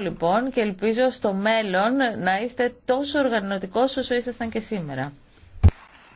λοιπόν και ελπίζω στο μέλλον να είστε τόσο οργανωτικός όσο ήσασταν και σήμερα.